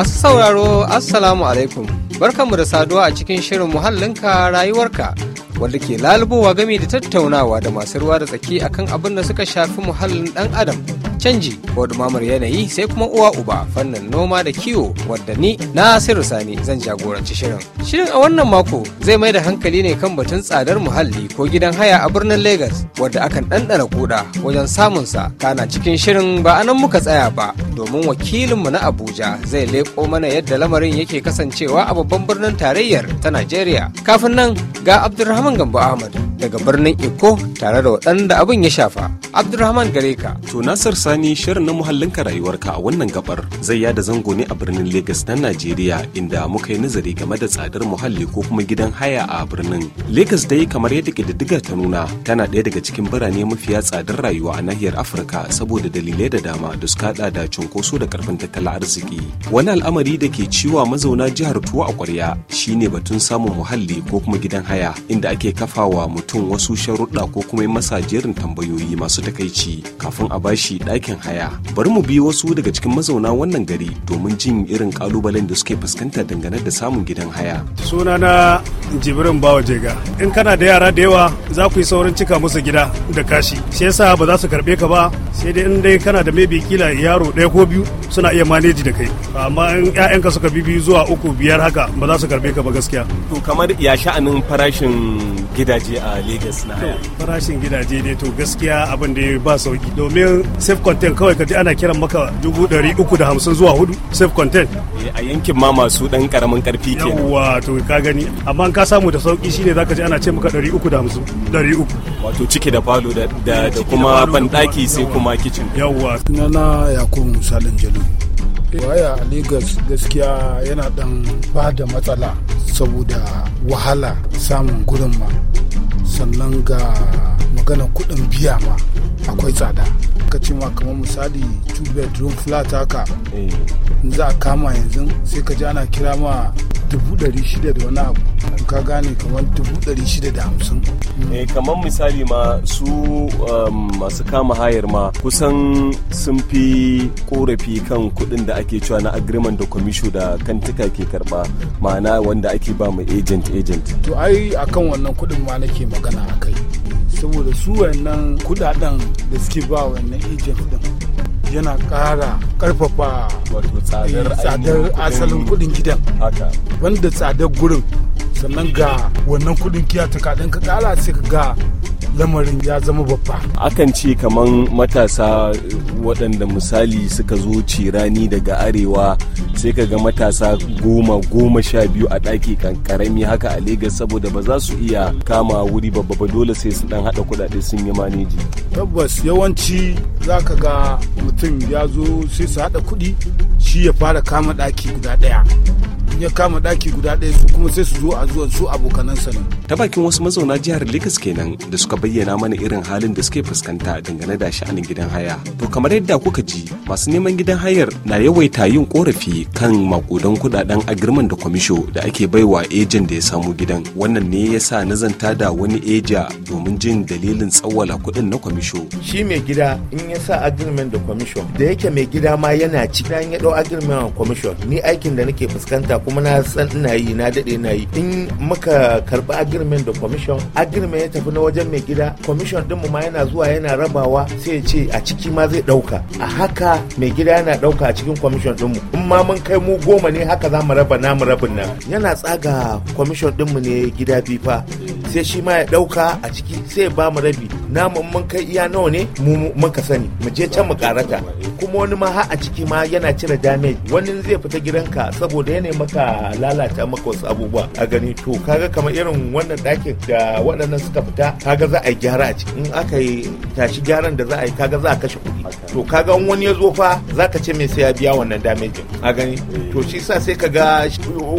Masu sauraro, Assalamu alaikum. Barkanmu da saduwa a cikin shirin muhallinka rayuwarka wanda ke lalubowa game da tattaunawa da masu ruwa da tsaki akan abin da suka shafi muhallin ɗan adam canji ko dumamar yanayi sai kuma uwa uba fannin noma da kiwo wadda ni na nasiru sani zan jagoranci shirin shirin a wannan mako zai mai da hankali ne kan batun tsadar muhalli ko gidan haya a birnin Legas wadda akan ɗanɗana kuɗa wajen samunsa kana cikin shirin ba anan muka tsaya ba domin wakilinmu na abuja zai leƙo mana yadda lamarin yake kasancewa a babban birnin tarayyar ta najeriya kafin nan ga abdulrahman gambo ahmad daga birnin Eko tare da waɗanda abin ya shafa. Abdulrahman Gareka. To Nasir Sani shirin na muhallinka rayuwarka a wannan gabar zai yada zango ne a birnin Legas na Najeriya inda muka yi nazari game da tsadar muhalli ko kuma gidan haya a birnin. Legas dai kamar yadda ƙididdiga ta nuna tana ɗaya daga cikin birane mafiya tsadar rayuwa a nahiyar Afirka saboda dalilai da dama da suka haɗa da cunkoso da ƙarfin tattalin arziki. Wani al'amari da ke ciwa mazauna jihar Tuwa a ƙwarya shine batun samun muhalli ko kuma gidan haya inda ake kafawa mutum mutum wasu sharuɗa ko kuma yi masa jerin tambayoyi masu takaici kafin a bashi ɗakin haya bari mu bi wasu daga cikin mazauna wannan gari domin jin irin kalubalen da suke fuskanta dangane da samun gidan haya suna sunana jibrin bawa jega in kana da yara da yawa za ku yi saurin cika musu gida da kashi shi yasa ba za su karɓe ka ba sai dai in dai kana da maybe kila yaro ɗaya ko biyu suna iya maneji da kai amma in ƴaƴanka suka bi biyu zuwa uku biyar haka ba za su karɓe ka ba gaskiya to kamar ya sha'anin farashin gidaje a lagos Legas na haya. Farashin gidaje ne to gaskiya abin da ba sauki domin safe content kawai ka ji ana kiran maka dubu ɗari uku da hamsin zuwa hudu safe content. Eh, a yankin ma masu ɗan ƙaramin ƙarfi ke. Yawwa to ka gani amma ka samu da sauki shine zaka ji ana ce maka ɗari uku da hamsin ɗari uku. Wato ciki da falo da kuma banɗaki sai kuma kicin. Yawwa. Nana Yakubu musa Jalu. waya a Legas gaskiya yana dan ba da matsala saboda wahala samun gurin ma sannan ga magana kuɗin biya ma akwai tsada ka ce ma kamar misali two bedroom flat haka eh. za a kama yanzu sai ka ji ana kira ma dubu ɗari shida da wani abu to ka gane kamar dubu ɗari shida da hamsin. eh kamar misali ma su um, masu kama hayar ma kusan sun fi korafi kan kuɗin da ake cewa na agreement da commission da kantika ke karɓa ma'ana wanda ake ba mu agent agent. to ai akan wannan kuɗin ma nake magana akai saboda su wayannan kuɗaɗen da suke ba wannan agent din yana ƙara ƙarfafa tsadar eh, asalin kudin gidan wanda tsadar gurin sannan ga wannan kuɗin kiyata kaɗan ka ƙara sai ka ga lamarin ya zama babba akan ce kaman matasa waɗanda misali suka zo cirani daga arewa sai ka ga matasa goma goma sha biyu a ɗaki karami haka a legas saboda ba za su iya kama wuri babba ba dole sai su dan haɗa kuɗaɗe sun yi maneji tabbas yawanci za ka ga mutum ya zo sai su haɗa kuɗi shi ya fara kama ɗaki guda ɗaya ya kama daki guda ɗaya su kuma sai su zo a zuwan su abokanansa ne ta bakin wasu mazauna jihar Legas kenan da suka bayyana mana irin halin da suke fuskanta dangane da sha'anin gidan haya to kamar yadda kuka ji masu neman gidan hayar na yawaita yin korafi kan makudan kudaden agirman da kwamisho da ake baiwa ejen da ya samu gidan wannan ne ya sa nazanta da wani eja domin jin dalilin tsawala kuɗin na kwamisho shi mai gida in ya sa agirman da kwamisho da yake mai gida ma yana ci ya dau agirman kwamisho ni aikin da nake fuskanta ko kuma na san ina yi na daɗe na yi in muka karɓi agirmen da commission agreement ya tafi na wajen mai gida commission ɗinmu ma yana zuwa yana rabawa sai ya ce a ciki ma zai ɗauka a haka mai gida yana ɗauka a cikin commission ɗinmu in ma mun kai mu goma ne haka za mu raba namu rabin nan yana tsaga commission ɗinmu ne gida bifa sai shi ma ya ɗauka a ciki sai ba mu rabi na mun kai iya nawa ne mu muka sani mu je can mu karata kuma wani ma har a ciki ma yana cire damage wani zai fita gidanka saboda yana maka lalata maka wasu abubuwa a gani to kaga kamar irin wannan ɗakin da waɗannan suka fita kaga za a yi gyara a ciki in aka yi tashi gyaran da za a yi kaga za a kashe kuɗi to kaga wani ya zo fa za ka ce mai sai ya biya wannan damejin a gani to shi sa sai ka ga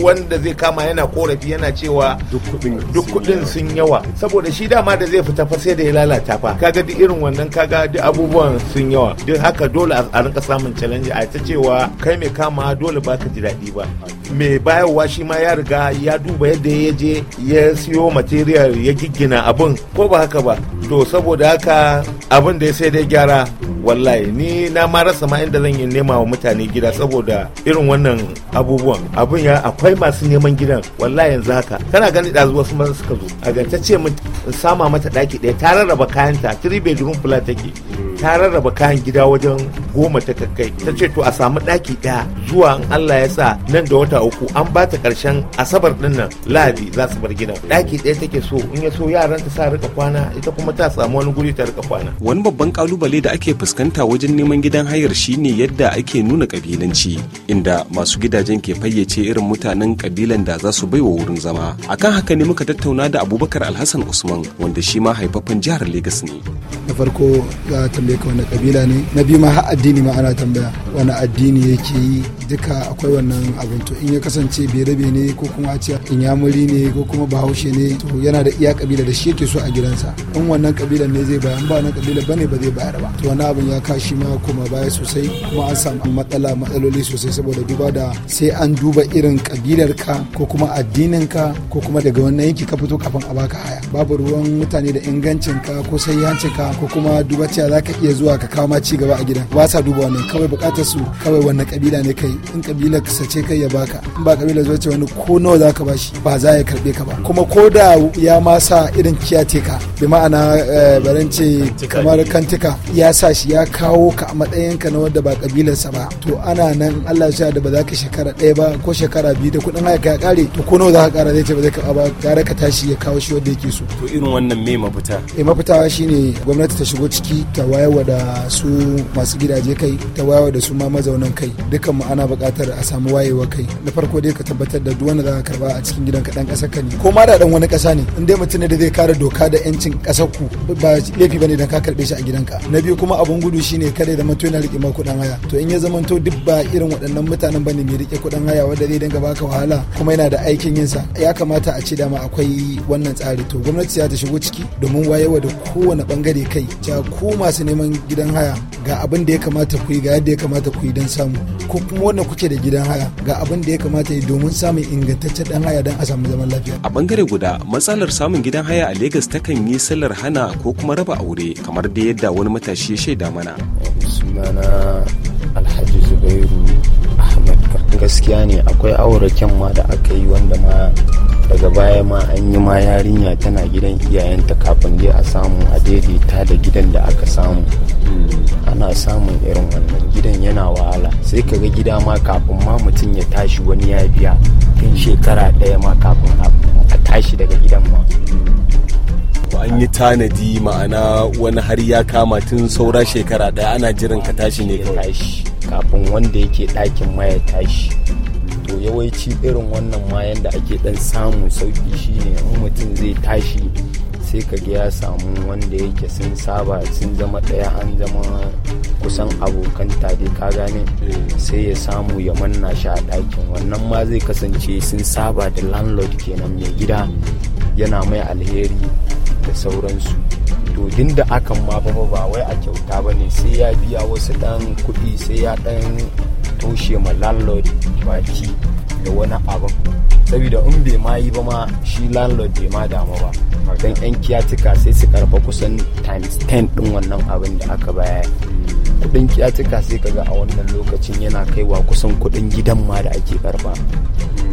wanda zai kama yana korafi yana cewa duk kudin sun yawa saboda shi dama da zai fita fa sai da ya lalata fa ga duk irin wannan kaga duk abubuwan sun yawa duk haka dole a rinka samun challenge a ta cewa kai mai kama dole baka ji daɗi ba mai bayarwa shi ma ya riga ya duba yadda ya je ya siyo material ya giggina abin ko ba haka ba to saboda haka abin da ya sai dai gyara wallahi ni na ma rasa ma inda zan yi nema wa mutane gida saboda irin wannan abubuwan abun ya akwai masu neman gidan wallahi yanzu haka kana gani da wasu maza suka zo a ce in sama mata ɗaki ɗaya ta rarraba kayanta three bedroom flat take ta rarraba kayan gida wajen goma ta kakkai ta ce to a samu ɗaki ɗaya zuwa in Allah ya sa nan da wata uku an ba ta ƙarshen asabar ɗin nan lahadi za su bar gidan ɗaki ɗaya take so in ya so yaran ta sa rika kwana ita kuma ta samu wani guri ta rika kwana. Wani babban kalubale da ake fuskanta wajen neman gidan hayar shine yadda ake nuna kabilanci inda masu gidajen ke fayyace irin mutanen kabilan da za su baiwa wurin zama. Akan haka ne muka tattauna da Abubakar Alhassan Usman wanda shi ma haifafan jihar Legas ne. Da farko ga tambayi ka wani kabila ne na biyu ma har addini ma ana tambaya wani addini yake yi duka akwai wannan abin to in ya kasance berabe ne ko kuma a ce inyamuri ne ko kuma bahaushe ne to yana da iya kabila da shi yake so a gidansa in wannan kabila ne zai bayar ba wannan kabila bane ba zai bayar ba to wani abin ya kashi ma kuma baya sosai kuma an samu matsala matsaloli sosai saboda duba da sai an duba irin kabilar ka ko kuma addinin ka ko kuma daga wannan yanki ka fito kafin a baka haya babu ruwan mutane da ingancin ka ko sayyancin ka ko kuma duba cewa zaka iya zuwa ka kawo ma ci gaba a gidan ba sa duba wannan kawai bukatar su kawai wannan kabila ne kai in kabila ka kai ya baka in ba kabila zuwa ce wani ko nawa za ka bashi ba za ya karbe ka ba kuma ko da ya ma sa irin kiyate ka bi ma'ana eh, baran ce kamar kantika ya sa shi ya kawo ka a matsayin ka na wanda ba kabilarsa ba to ana nan Allah ya da ba za ka shekara ɗaya ba ko shekara biyu da kuɗin haka ya kare to ko nawa za ka kara zai ce ba zai karɓa ba gara ka tashi ya kawo shi wanda yake so to irin wannan me mafita eh mafita shine gwamnati ta shigo ciki ta wayarwa da su masu gidaje kai ta wayarwa da su ma mazaunan kai dukan mu ana buƙatar a samu wayewa kai na farko dai ka tabbatar da duk wanda za ka karba a cikin gidan ka dan ƙasar ka ne ko ma da dan wani ƙasa ne in dai mutum ne da zai kare doka da yancin ƙasar ku ba laifi bane dan ka karbe shi a gidan ka na biyu kuma abun gudu shine kada da mutum yana rike ma kuɗin haya to in ya zamanto duk ba irin waɗannan mutanen bane mai rike kuɗin haya wanda zai dinga baka wahala kuma yana da aikin yinsa ya kamata a ce dama akwai wannan tsari to gwamnati za ta shigo ciki domin wayewa da kowane bangare kai ja ku masu neman gidan haya ga abin da ya kamata ku yi ga yadda ya kamata ku yi don samu ko kuma wanda kuke da gidan haya ga abin da ya kamata yi domin samun ingantaccen dan haya don a samu zaman lafiya. A bangare guda matsalar samun gidan haya a Legas takan yi sallar hana ko kuma raba aure kamar da yadda wani matashi ya shaida mana. Sunana Alhaji Zubairu ahmed gaskiya ne akwai auraken ma da aka yi wanda ma daga baya ma an yi ma yarinya tana gidan iyayenta kafin dai a samu a daidaita da gidan da aka samu ana samun irin wannan gidan yana wahala sai ka ga gida ma kafin ma mutum ya tashi wani ya biya tun shekara ɗaya ma kafin a tashi daga gidan ma an yi tanadi ma'ana wani har ya kama tun saura shekara ɗaya ana jiran ka tashi ne kawai kafin wanda yake ɗakin ma ya tashi to yawanci irin wannan ma yanda ake ɗan samu sauki shine in mutum zai tashi sai ka ya samu wanda yake sun saba sun zama ɗaya an zama kusan abokan tare ka gane eh. sai ya samu ya manna shi a ɗakin wannan ma zai kasance sun saba da landlord kenan mai gida yana mai alheri da sauransu to din da akan ma ba ba wai a kyauta ba ne sai ya biya wasu ɗan kuɗi sai ya ɗan toshe ma landlord baki da wani abin saboda in bai ma yi ba ma shi landlord bai ma dama ba don yan kiyatika sai su karba kusan times 10 din wannan abin da aka bayar kudin kiyatika sai kaga a wannan lokacin yana kaiwa kusan kudin gidan ma da ake karba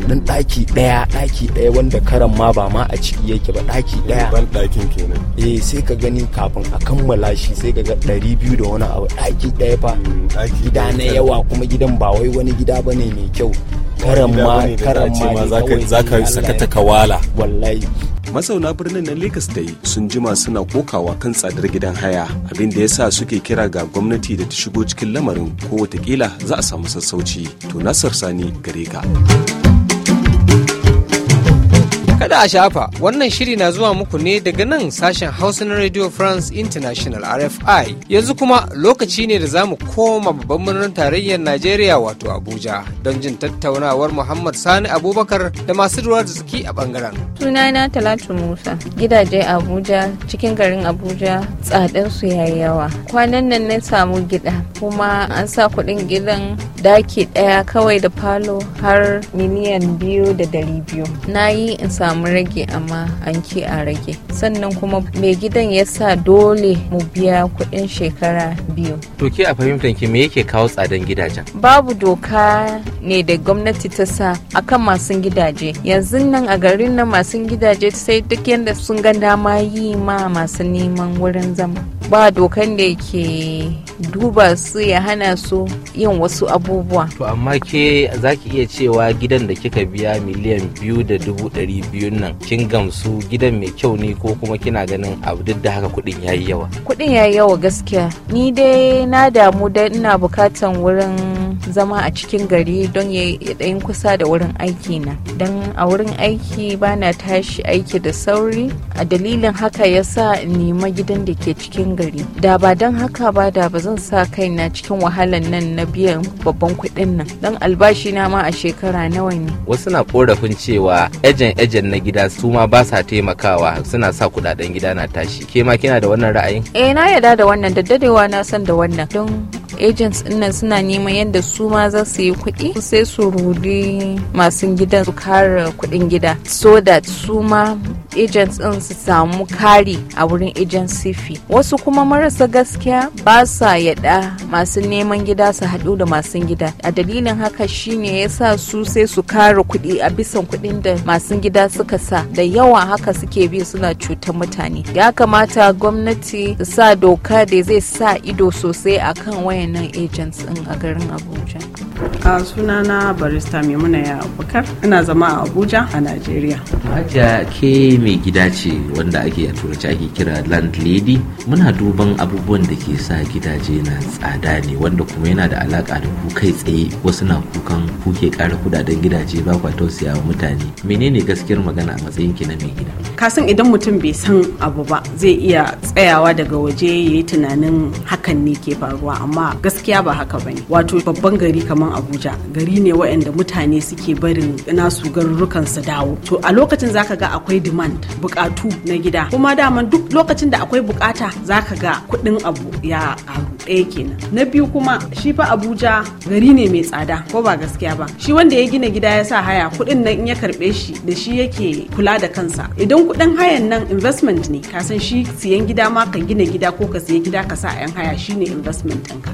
dan daki daya daki daya wanda karan ma ba ma a ciki yake ba daki daya ban dakin kenan eh sai ka gani kafin a kammala shi sai ka ga 200 da wani abu daki daya fa mm, gida na yawa kuma gidan ba wai wani gida bane mai kyau karan ma karan ma zaka ka sakata kawala wallahi mazauna birnin na Legas yi sun jima suna kokawa kan tsadar gidan haya abin da ya sa suke kira ga gwamnati da ta shigo cikin lamarin ko watakila za a samu sassauci to nasar sani gare ka. Kada a shafa wannan shiri na zuwa muku ne daga nan sashen Hausa na Radio France International RFI. Yanzu kuma lokaci ne da za mu koma babban birnin tarayyar Najeriya wato Abuja don jin tattaunawar Muhammad Sani Abubakar da masu ruwa da tsaki a bangaren. Sunana Talatu Musa, gidaje Abuja cikin garin Abuja tsadar su ya yi yawa. Kwanan nan na samu gida kuma an sa kuɗin gidan daki ɗaya kawai da falo har miliyan biyu da dari biyu. Na yi in samu samu rage amma an a rage sannan kuma mai gidan ya sa dole mu biya kuɗin shekara biyu to ke a fahimtar ki me yake kawo tsadan gidajen babu doka ne da gwamnati ta sa akan masu gidaje yanzu nan a garin nan masu gidaje sai duk yadda sun ga dama yi ma masu neman wurin zama ba dokan da ke duba su ya hana su yin wasu abubuwa. To amma ke za ki iya cewa gidan da kika biya miliyan biyu da dubu ɗari biyun nan kin gamsu gidan mai kyau ne ko kuma kina ganin abu duk da haka kuɗin yayi yawa. Kuɗin yayi yawa gaskiya. Ni dai na damu da ina bukatan wurin zama a cikin gari don ya ɗayin kusa da wurin aiki na. Don a wurin aiki bana tashi aiki da sauri a dalilin haka yasa in nema gidan da ke cikin gari da ba don haka ba da ba zan sa kai na cikin wahalan nan na biyan babban kuɗin nan don albashi na ma a shekara nawa ne wasu na korafin cewa ejen ejen na gida su ma ba sa taimakawa suna sa kuɗaɗen gida na tashi ke ma kina da wannan ra'ayin eh na yarda da wannan daddadewa na san da wannan don agents nan suna neman yadda su ma za su yi kuɗi sai su rudi masu gidan su kare kuɗin gida so that su ma agents din su samu kari a wurin agency fee wasu kuma marasa gaskiya ba sa yada masu neman gida su haɗu da masu gida a dalilin haka shine sa su sai su kare kuɗi a bisan kuɗin da masu gida suka sa da yawa haka suke bi suna cutar mutane ya kamata gwamnati su sa doka da zai sa ido sosai akan wayan wayannan agents din a garin abuja a sunana barista maimuna ya abubakar ina zama a abuja a najeriya hajiya ke mai gida ce wanda ake a turanci ake kira landlady muna duban abubuwan da ke sa gidaje na tsada ne wanda kuma yana da alaka da ku kai tsaye wasu na kukan kuke kara kudaden gidaje ba kwa tausaya wa mutane menene gaskiyar magana a matsayin ki na mai gida kasan idan mutum bai san abu ba zai iya tsayawa daga waje ya yi tunanin hakan ne ke faruwa amma gaskiya ba haka bane wato babban gari kamar kaman abuja gari ne waɗanda mutane suke barin nasu garurukan su dawo to a lokacin zaka ga akwai demand bukatu na gida kuma daman duk lokacin da akwai bukata zaka ga kuɗin abu ya karu ɗaya kenan na biyu kuma shi fa abuja gari ne mai tsada ko ba gaskiya ba shi wanda ya gina gida ya sa haya kuɗin nan in ya karɓe shi da shi yake kula da kansa idan kuɗin hayan nan investment ne ka san shi siyan gida ma ka gina gida ko ka siya gida ka sa 'yan haya shine investment ɗinka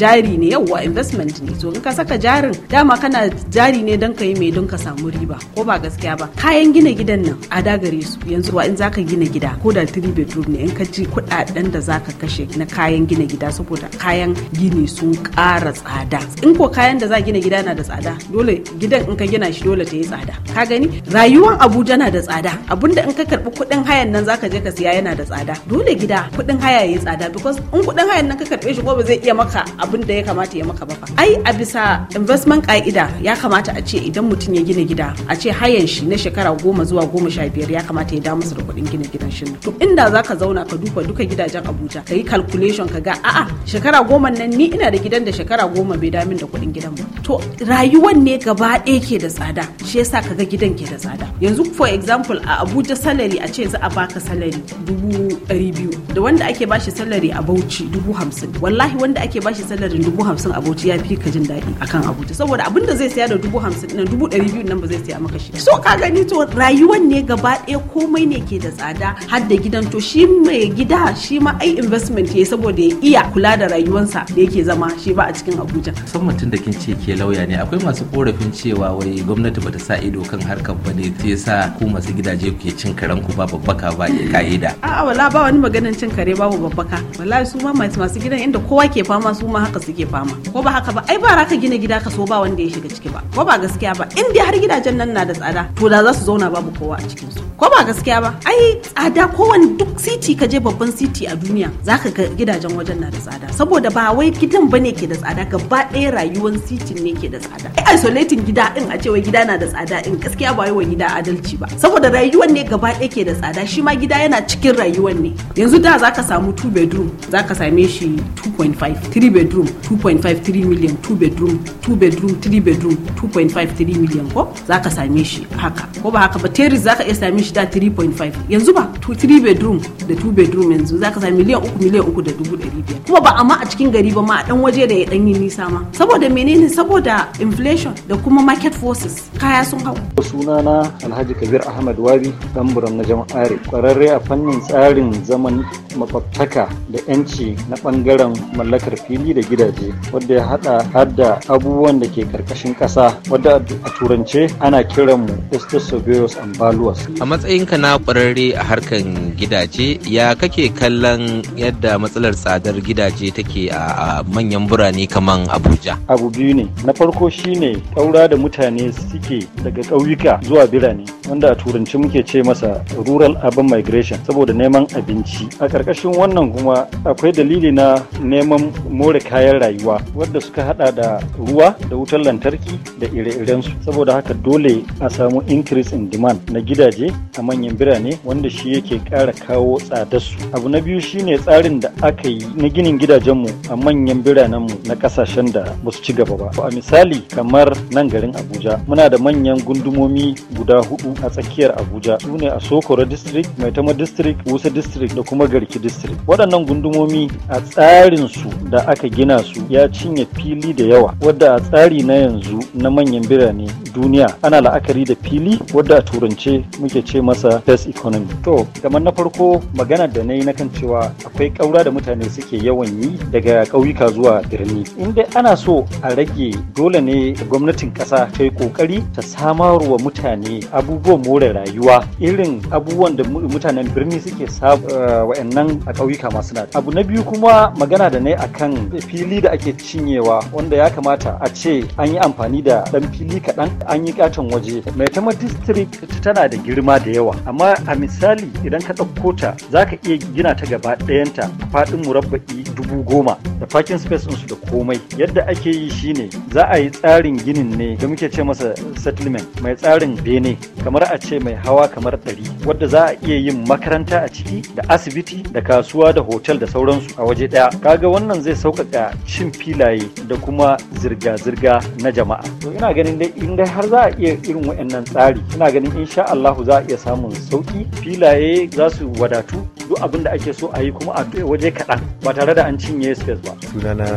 jari ne yauwa investment ne to in ka saka jarin dama kana jari ne don ka yi mai don ka samu riba ko ba gaskiya ba kayan gina gidan nan a dagare su yanzu wa in zaka gina gida ko da 3 bedroom ne in ka ji kudaden da zaka kashe na kayan gina gida saboda kayan gini sun kara tsada in ko kayan da za gina gida na da tsada dole gidan in ka gina shi dole ta yi tsada ka gani rayuwan abuja na da tsada abinda in ka karbi kudin hayan nan zaka je ka siya yana da tsada dole gida kudin haya ya yi tsada because in kudin hayan nan ka karbe shi ko ba zai iya maka abin da ya kamata ya maka ba fa ai a bisa investment ka'ida ya kamata a ce idan mutum ya gina gida a ce hayan shi na shekara goma zuwa goma sha biyar ya kamata ya da musu da kuɗin gina gidan shi to inda ka zauna ka duba duka gidajen Abuja ka yi calculation ka ga a'a shekara goma nan ni ina da gidan da shekara goma bai damin da kuɗin gidan ba to rayuwan ne gaba ɗaya ke da tsada shi yasa ka ga gidan ke da tsada yanzu for example a Abuja salary a ce za a baka salary dubu ɗari biyu da wanda ake bashi salary a Bauchi dubu hamsin wallahi wanda ake bashi salarin dubu hamsin a ya fi ka jin daɗi akan abuja saboda abin da zai saya da dubu hamsin nan dubu ɗari biyu nan ba zai saya maka shi so ka gani to rayuwan ne gaba ɗaya komai ne ke da tsada har da gidan to shi mai gida shi ma ai investment ya saboda ya iya kula da rayuwansa da yake zama shi ba a cikin abuja musamman mutum da kin ce ke lauya ne akwai masu korafin cewa wai gwamnati bata sa ido kan harkar ba ne ta yasa ku masu gidaje ku cin karen ku ba babbaka ba ka'ida a'a wala ba wani maganin cin kare babu babbaka wallahi su ma masu gidan inda kowa ke fa fama su ma haka suke fama ko ba haka ba ai ba ka gina gida ka so ba wanda ya shiga ciki ba ko ba gaskiya ba in dai har gidajen nan na da tsada to da za su zauna babu kowa a cikin su ko ba gaskiya ba ai tsada kowane duk city ka je babban city a duniya zaka ga gidajen wajen na da tsada saboda ba wai gidan bane ke da tsada gaba ɗaya rayuwar city ne ke da tsada ai isolating gida din a ce wai gida na da tsada in gaskiya ba wai gida adalci ba saboda rayuwar ne gaba ɗaya ke da tsada shi ma gida yana cikin rayuwar ne yanzu da zaka samu 2 bedroom zaka same shi 2.5 3 bedroom 2.53 million 2 bedroom 2 bedroom 3 bedroom 2.53 million ko za ka same shi haka ko ba haka ba terrace za ka iya same shi da 3.5 yanzu ba 3 bedroom da 2 bedroom yanzu za ka same miliyan 3 miliyan 3 da dubu 500 kuma ba amma a cikin gari ba ma a dan waje da ya dan yi nisa ma saboda menene saboda inflation da kuma market forces kaya sun hau sunana alhaji kabir ahmad wabi dan buran na jama'are kwararre a fannin tsarin zaman makwabtaka da yanci na bangaren mallakar fili da gidaje wadda ya hada har abubuwan da ke karkashin kasa wadda a turance ana kiran mu Estasobios Ambaluas. A matsayinka na kwararre a harkan gidaje ya kake kallon yadda matsalar tsadar gidaje take a manyan birane kaman Abuja. Abu biyu ne. Na farko shine ɗaura da mutane suke daga ƙauyuka zuwa birane wanda a turanci muke ce masa rural urban migration saboda neman abinci. A ƙarƙashin wannan kuma akwai dalili na neman more kayan rayuwa wadda suka hada da ruwa da wutar lantarki da ire su. saboda haka dole a samu increase in demand na gidaje a manyan birane wanda shi yake kara kawo tsadarsu abu na biyu shine tsarin da aka yi na ginin gidajenmu a manyan biranenmu na kasashen da ba su ci gaba ba a misali kamar nan garin abuja muna da manyan gundumomi guda hudu a tsakiyar abuja su ne a sokoro district maitama district wusa district da kuma garki district waɗannan gundumomi a tsarin su. da aka gina su ya cinye fili da yawa wadda a tsari na yanzu na manyan birane duniya ana la'akari da fili wadda a turance muke ce masa best economy to kamar na farko magana da na yi na kan cewa akwai kaura da mutane suke yawan yi daga ƙauyuka zuwa birni inda ana so a rage dole ne gwamnatin ƙasa ta yi ƙoƙari ta samarwa mutane abubuwan more rayuwa irin abubuwan da mutanen birni suke eh, wa'annan a ƙauyuka masu na abu na biyu kuma magana da na yi a Kan fili da ake cinyewa wanda ya kamata a ce an yi amfani da ɗan fili kaɗan an yi katon waje mai maitama district tana da girma da yawa amma a misali idan ka ɗauko ta za ka iya gina ta gaba ɗayanta faɗin murabba'i dubu goma da parking space ɗinsu da komai yadda ake yi shine za a yi tsarin ginin ne da muke ce masa settlement mai tsarin bene kamar a ce mai hawa kamar ɗari wadda za a iya yin makaranta a ciki da asibiti da kasuwa da hotel da sauransu a waje ɗaya kaga wannan zai sauƙaƙa cin filaye da kuma zirga-zirga na jama'a to ina ganin dai in dai har za a iya irin waɗannan tsari ina ganin insha Allahu za a iya samun sauƙi filaye za su wadatu duk abin da ake so a yi kuma a waje kaɗan ba tare da an cinye space ba sunana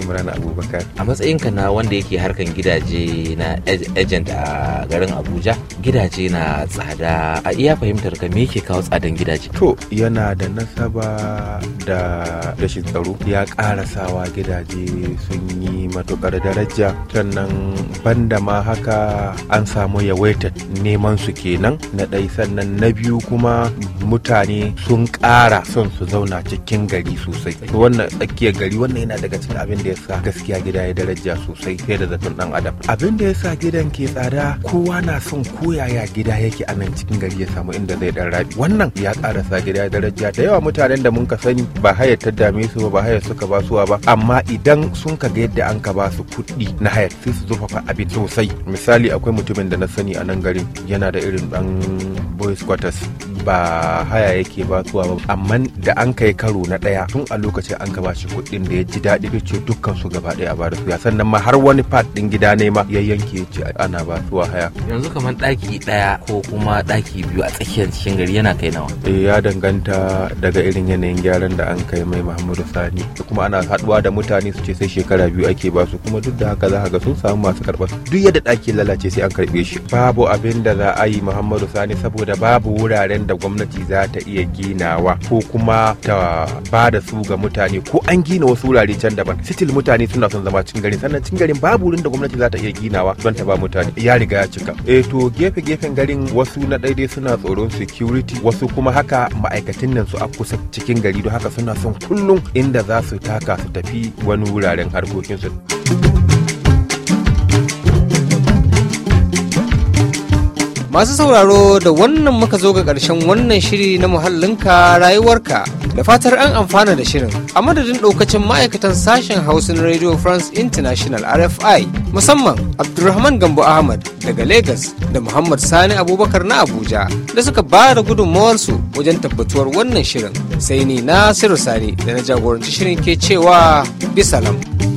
Imran Abubakar a matsayinka na wanda yake harkan gidaje na agent a garin Abuja gidaje na tsada a iya fahimtar ka me yake kawo tsadan gidaje to yana da nasaba da rashin tsaro ya karasawa gidaje sun yi matukar daraja sannan banda ma haka an samu yawaitar neman su kenan na ɗai sannan na biyu kuma mutane sun ƙara son su zauna cikin gari sosai wannan tsakiyar gari wannan yana daga cikin abin da ya sa gaskiya gida ya daraja sosai fiye da zaton dan adam abin da ya sa gidan ke tsada kowa na son koyaya gida yake a nan cikin gari ya samu inda zai dan rabi wannan ya ƙara gida ya daraja da yawa mutanen da mun ka sani ba hayar ta dame su ba ba hayar suka ba basuwa ba amma idan sun ka ga yadda an ka ba su kuɗi na hayar sai su zurfafa abin sosai misali akwai mutumin da na sani a nan garin yana da irin dan boys quarters ba haya yake ba tuwa ba amma da an kai karo na ɗaya tun a lokacin an gaba shi kuɗin da ya ji daɗi ya ce dukkan su gaba ɗaya a ba da suya sannan ma har wani part ɗin gida ne ma ya yanke ya ce ana ba tuwa haya. yanzu kamar ɗaki daya ko kuma ɗaki biyu a tsakiyar cikin gari yana kai nawa. Eh, ya danganta daga irin yanayin gyaran da an kai mai muhammadu sani kuma ana haɗuwa da mutane su ce sai shekara biyu ake ba su kuma duk da haka za ga sun samu masu karɓar duk yadda ɗaki lalace sai an karɓe shi babu abin da za a yi muhammadu sani saboda babu wuraren da gwamnati za ta iya ginawa ko kuma ta ba da su ga mutane ko an gina wasu wurare can daban sitil mutane suna son zama cikin garin sannan cikin garin babu wurin da gwamnati za ta iya ginawa don ta ba mutane ya riga ya cika E, to gefe gefen garin wasu na daidai suna tsoron security wasu kuma haka ma'aikatan nan su a kusa cikin gari don haka suna son kullum inda za su taka su tafi wani wuraren harkokinsu. Masu sauraro da wannan muka zo ga ƙarshen wannan shiri na muhallinka rayuwarka da fatar an amfana da shirin. A madadin ɗaukacin ma'aikatan sashen Hausin Radio France International RFI musamman Abdulrahman Gambo Ahmad daga Lagos da Muhammad Sani Abubakar na Abuja da suka ba da gudunmawarsu wajen tabbatuwar wannan shirin. Sai ni Nasiru Sani da na jagoranci shirin ke cewa bisalam.